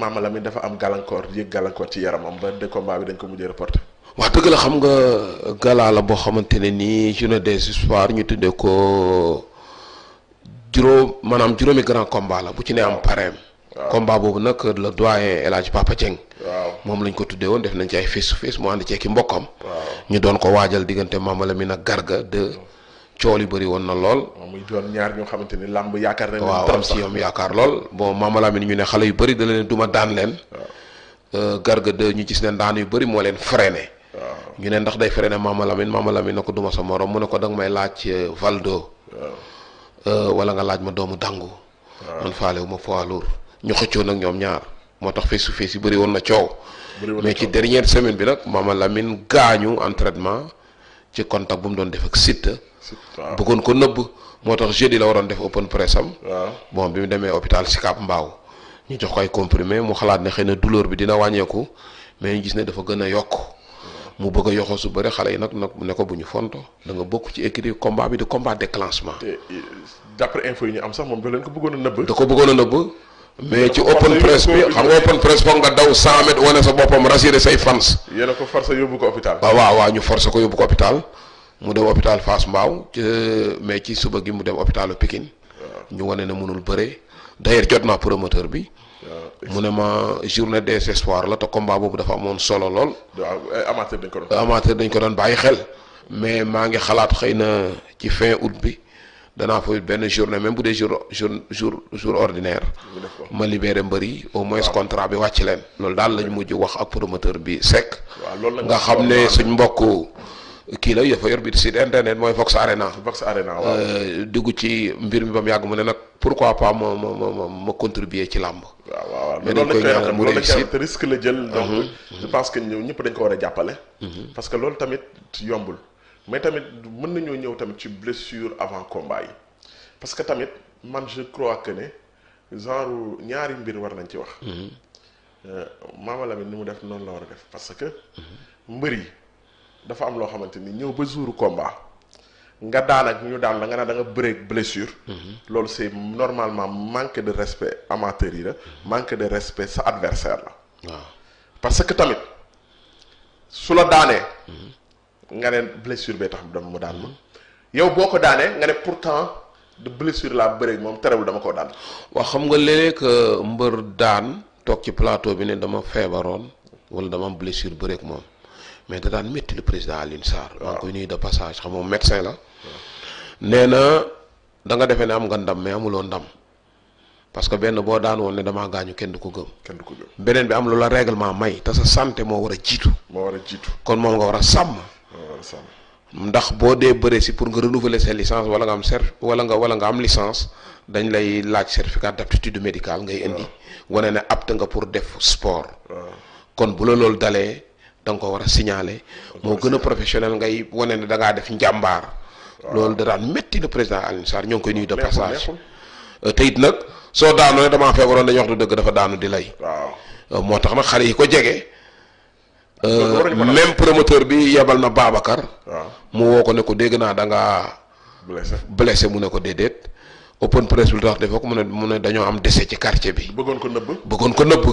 Maama Lamine dafa am gàllankoor yëg gàllankoor ci yaramam ba de combat bi dañ ko mujjee reporté. wax dëgg la xam nga gala la boo xamante ne nii journée des espoirs ñu tuddee ko juróom maanaam juróomi grand combat la bu ci ne am pareem. combat boobu nag la doyen El Hadj Papa Dieng. waaw moom lañ ko tuddee woon def nañ ci ay face to face mu ànd ceeki mbokkam. ñu doon ko waajal diggante Maama Lamine ak Garga de. cool yi bëri woon na lool. muy doon ñaar ñoo xamante ni làmb yaakaar nañ. waaw am si am yaakaar lool bon Mama Lamine ñu ne xale yu bëri da leen duma daan leen. Euh, Garga de ñu gis leen daan yu bari moo leen freiné. ñu ne ndax day freiné Mama Lamine Mama Lamine na ko duma sa morom mu ne ko danga may laaj euh, Valdo. Euh, wala nga laaj ma doomu dangu. man faale wu ma poids lourd ñu xëccoo nag ñoom ñaar moo tax face to face yi bëri woon na coow. mais ci dernière semaine bi nag Mama Lamine gaañu entraînement. ci contact bu mu doon def ak Siteu. bëggoon ko nëbb moo tax jeudi la waroon def open press am. bon bi mu demee hôpital Sicap mbaaw ñu jox ko ay comprimé mu xalaat ne xëy na douleur bi dina wàññeeku mais gis ne dafa gën a yokk. mu bëgg a yoxoo su bëri xale yi nag nag ne ko bu ñu fonto da nga bokk ci écrit combat bi di combat déclenchement. te d'après info yi ñu am sax moom da leen ko bëggoon a nëbb. nëbb. mais ci open press bi xam nga open press foog nga daw 100 mètres wane sa boppam rassurer say fans. yéen ko forcé yóbbu ko hôpital. waaw waaw waaw ñu forcé ko yóbbu ko hôpital mu dem hôpital Fass Mbao mais ci suba gi mu dem hôpitalu Pikine. ñu wane ne mënul bëre d'ailleurs jot naa promoteur bi. mu ne ma journée des espoirs la te combat boobu dafa amoon solo lool. Eh, amateur dañ ko doon amateur dañ ko doon bàyyi xel. mais maa ngi xalaat xëy na ci fin août bi. danaa fa benn journée même bu dee jour jour jour jour ordinaire. ma libéré mbër yi au moins contrat bi wàcc leen. loolu daal lañu mujj wax ak promoteur bi Seck. nga xam ne suñ mbokk. kii lay dafa yor biir site internet mooy Vox Arena. Vox Arena waaw. Euh, dugg ci mbir mi ba mu yàgg mu ne nag pourquoi pas ma ma ma ma contribuer ci làmb. waaw waaw mais loolu la mu réussir risque la jël. donc mhm. je pense ñëpp dañ ko war a jàppale. Mhm. parce que loolu tamit yombul. mais tamit mën nañoo ñëw tamit ci blessure avant combat yi parce que tamit man je crois que ne genre ñaari mbir war nañ ci wax. Mhm. Euh, Mama Lamine ni mu def noonu la war a def parce que. Mhm. mbër yi dafa am loo xamante ni ñëw ba jouru combat. nga daan ak ñu daan la nga ne da nga bëreeg blessure. Mhm. loolu c'est normalement manque de respect amateur yi la. manque de respect sa adversaire la. waaw ah. parce que tamit su la daanee. nga ne blessure bee tax mu daan man yow boo ko daanee nga ne pourtant de blessure laa bëree moom tere terewul dama koo daan. waaw xam nga léeg-léeg euh, mbër daan toog ci plateau bi ne dama feebaroon wala dama am blessure moom mais daan métti président Alioune Sarr. waaw maa ngi moom médecin la. nee na da nga defee ne am nga ndam mais amuloo ndam. parce que benn boo daan woon ne damaa gaañu kenn du ko gëm. kenn du ko beneen bi am lu la règlement may te sa santé moo war a jiitu. moo war a jiitu kon moom nga war a sàmm. ndax boo dee bëree si pour nga renouveler sa licence wala nga am cer wala nga wala nga am licence dañ lay laaj certificat d' aptitude médicale ngay indi wane ne apte nga pour def sport kon bu la loolu dalee da nga ko war a signaler moo gën a professionnel ngay wane ne da ngaa def njàmbaar loolu da daan métti le président Alioune Sarr ñoo ngi koy nuyu de passage euh, te it nag soo daanoo ne damaa feebaroon dañuy wax du dëgg dafa daanu di lay euh, moo tax nag xale yi ko jege Euh, même promoteur bi yebal na Babacar. mu woo ko ne ko dégg naa da ngaa. blessé blessé mu ne ko déedéet. open press bi tax defoo ko mu ne mu ne dañoo am dese ci quartier bi. bëggoon ko nëbb bëggoon ko nëbb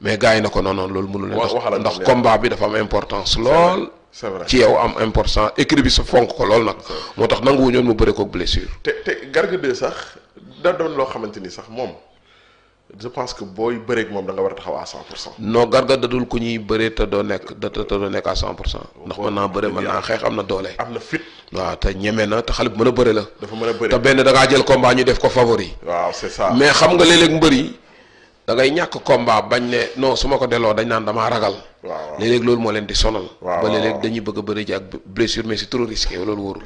mais gars yi na ko non loolu mënu leen. ndax combat bi dafa am importance lool. c'est vrai ci yow am important écrit bi sa fonk ko lool nag. moo tax nanguwu ñoon mu bëre ko blessure. te te Garga 2 sax da doon loo xamante ni sax moom. je pense que booy bëreeg moom da nga war a taxaw à 100 pour cent. non ñuy bëree te doo nekk te te doo nekk à 100 pour cent. ndax mën naa bëre mën naa xeex am na doole. am na fit. waaw te ñeme na te xale bu mën a bëre la. a te benn da jël combat ñu def ko favori. waaw c'est mais xam nga léeg-léeg mbër yi da ñàkk combat bañ ne non su ma ko delloo dañ naan dama ragal. waaw léeg loolu moo leen di sonal. waaw ba léeg dañuy bëgg a bëri ji ak blessure mais c'est trop risqué loolu wóorul.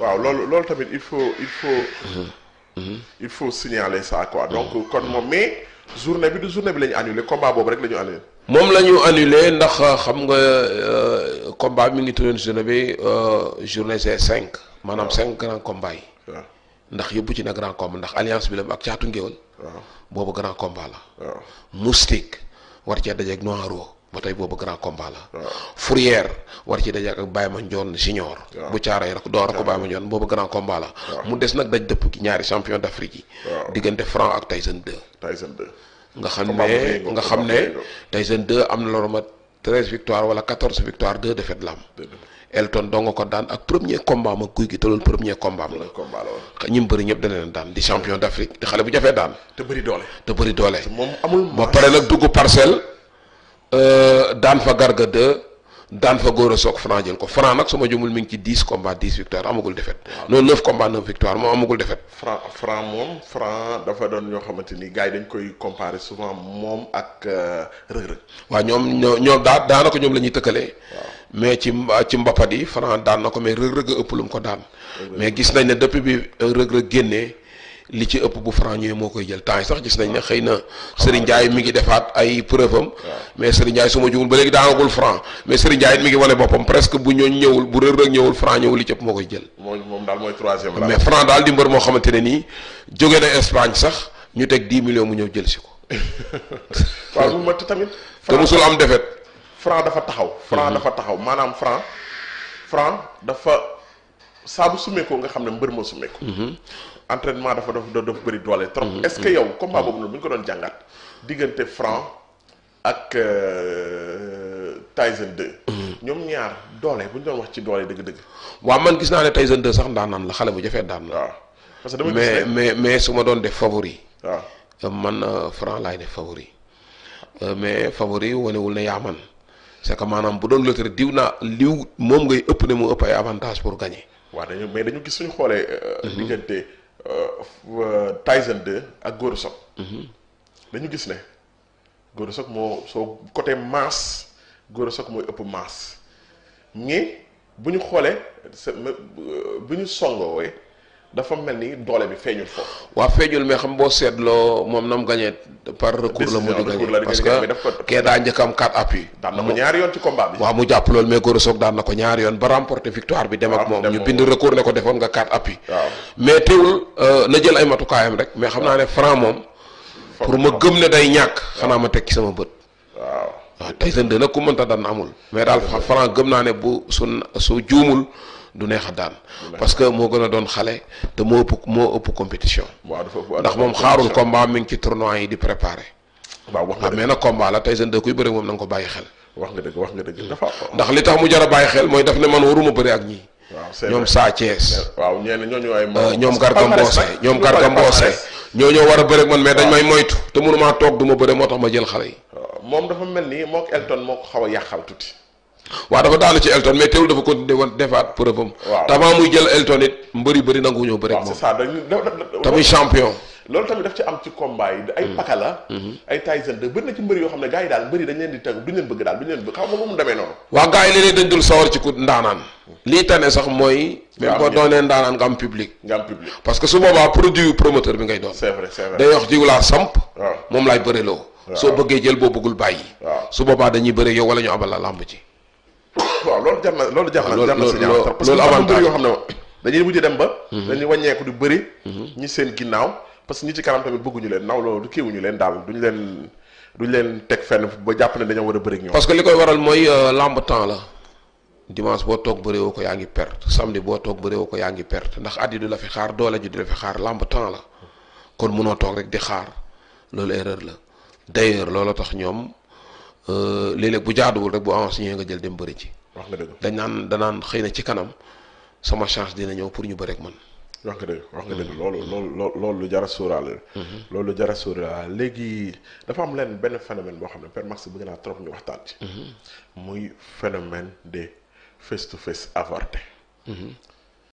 waaw loolu loolu tamit il faut il faut mm-hmm. Mm-hmm. il faut signaler saa quoi mm-hmm. donc kon moom mais journée bi du journée bi la ñu annulé combat boobu rek la ñu annulé. moom la ñu annulé ndax euh, xam nga euh, combat mi ngi tuddoon journée bi euh, journée c'est cinq maanaam cinq grands combats yi. ndax yëpp ci na grand combat ndax alliance bi la ak caatu ngéwël. boobu grand combat la. waaw moustique war cee dajeeg noiro. ba tey boobu grand combat la. Fourière war ci daje ak Baye Mandione Junior. bu caaray rek door ak Baye Mandione boobu grand combat la. mu des nag daj dëpp gi ñaari champion d' Afrique yi. diggante Franc ak Tyson 2. Tyson nga xam ne nga xam ne Tyson 2 am na loolu ma treize victoire wala quatorze victoire deux défaites la Elton doo nga ko daan ak premier combat ma guy gi te loolu premier combat la. combat bëri ñëpp dana leen daan di champion d' te bëri Euh, daan fa garga 2 daan fa góor a soog Franc jël ko Franc nag su ma jumul mi ngi ci 10 combats 10 victoire amagul défaite. waaw non 9 combats 9 victoire moom amagul défaite. Franc Franc moom Franc dafa doon ñoo xamante ni gars yi dañ koy comparer souvent moom ak euh, Reug Reug. waaw ñoom ñoo ñoom daan daanaka ñoom la ñuy tëkkalee. mais ci ci mbapat yi Franc daan na ko mais Reug Reug ëpp lu mu ko daan. mais gis nañ ne depuis bi Reug Reug génnee. li ci ëpp bu franc ñëwee moo koy jël temps yi sax gis nañ ne xëy na Serigne Ndiaye mi ngi defaat ay preuve am mais Serigne Ndiaye su ma jugul ba léegi daanagul franc mais Serigne Ndiaye it mi ngi wane boppam presque bu ñëwul bu rër rek ñëwul franc ñëwul li ci ëpp moo koy jël moom daal mooy troisième mais franc daal di mbër moo xamante nii jóge na Espagne sax ñu teg 10 millions mu ñëw jël si ko waaw lu ma tamit te musul am defet franc dafa taxaw franc mhm. dafa taxaw maanaam franc franc dafa saa bu summeekoo nga xam ne mbër moo summeeku. Mhm. entraînement dafa dafa dafa bëri doole trop. Mhm. est-ce que yow mhm. combat boobu noonu bu ñu ko doon jàngat diggante Franc ak euh, Tyson 2. ñoom ñaar doole bu ñu doon wax ci doole dëgg-dëgg. waa man gis naa ne Tyson 2 sax ndaanaan la xale bu jafee daan. waaw parce que dama gis mais mais su ma doon def favori. waaw euh, man euh, Franc laay def favori. mais favori wanewul ne yaa man c'est que maanaam bu doon loterie diw naa liw moom ngay ëpp ne mu ëpp ay avantage pour gagner. waaw dañu mais dañu gis suñu xoolee. Euh, mhm. diggante euh, euh, Tyson de ak Goro Sock. Mhm. dañu gis ne Goro Sock moo soo côté masse Goro Sock mooy ëpp masse mais bu ñu xoolee bu ñu songoowee. dafa mel ni doole bi feeñul foofu. waaw feeñul mais xam boo seetloo moom nam gagné par recours la mujj gagné parce que kee daa njëkk am quatre appuis. na ko ñaari yoon ci combat bi. waaw mu jàpp loolu mais Gora Sock daan na ko ñaari yoon ba remporter victoire bi. dem moom ñu bind recours ne ko defoon nga quatre appuis. mais teewul euh, na jël ay matukaayam rek. mais xam naa ne franc moom. pour ma gëm ne day ñàkk. xanaa ma teg sama bët. waaw waaw tey sën de nag ku mënta daan amul. mais daal franc gëm naa ne bu su su juumul. du neex a daan parce que moo gën a doon xale te moo ëpp moo ëpp compétition ndax moom xaarul combat mi ngi ci tournoi yi di préparé waaw wax nga ah, mais nag combat la Tyson 2 kuy bëre moom na ko bàyyi xel wax nga dëgg wax nga dëgg dafa ndax li tax mu jar a bàyyi xel mooy daf ne man waruma bëri ak ñii waaw ñoom Sa Thiès waaw ñenn ñooñu ay euh, ñoom Garga Mbossé ñoom Garga Mbossé ñoo ñoo war a bëri ak man mais dañ may moytu te mënumaa toog du ma bëre moo tax ma jël xale yi moom dafa mel ni moo ko Elton moo ko xaw a yàqal tuuti waaw dafa daanu ci Elton mais teewul dafa continuer woon defaat preuve am. waaw tamaa muy am ci combat yi. ay hmm. Paka la. Hmm. ay yoo xam ne gars yi daal mbëri dañ leen di teg duñ leen bëgg daal dañ dul sawar ci ku ndaanaan. Hmm. lii tane sax mooy. même boo doonee ndaanaan nga am public. parce que su boobaa produit promoteur bi ngay doon. c'est vrai c'est vrai day wax jiw laa samp. moom laay bëreloo. soo bëggee jël boo bëggul bàyyi. su boobaa dañuy bëri yow wala ñu abal la làmb ci waaw loolu jar loolu jar na jar na sa ñaaw parce que dafa bëri yoo xam ne ma dañuy mujj dem ba mhm. dañuy wàññeeku du bëri mhm. ñi seen ginnaaw parce que ñi ci kanam tamit bëgguñu leen naw loolu kiiwuñu leen daal duñu leen leen teg fenn ba jàpp ne dañoo war a bëri ñoom parce que li koy waral mooy euh, lamb temps la dimanche boo toog bëree woo ko yaa ngi perte samedi boo toog bëree ko yaa ngi perte ndax at yi du la fi xaar doole ji du xaar lamb temps la kon munoo toog rek di xaar loolu erreur la d'ailleurs looloo tax ñoom euh, léeg-léeg bu jaaduwul rek bu avancé nga jël dem bëri ci wax nga dëgg dañ naan danaan xëy na ci kanam sama chance dina ñëw pour ñu bëreek man. wax nga dëgg wax nga dëgg mm-hmm. loolu loolu lu jar a sóoraale mm-hmm. loolu lu jar a léegi dafa am leen benn phénomène boo xam ne Père Max bëgg naa trop ñu waxtaan ci. Mm-hmm. muy phénomène de face to face avorté.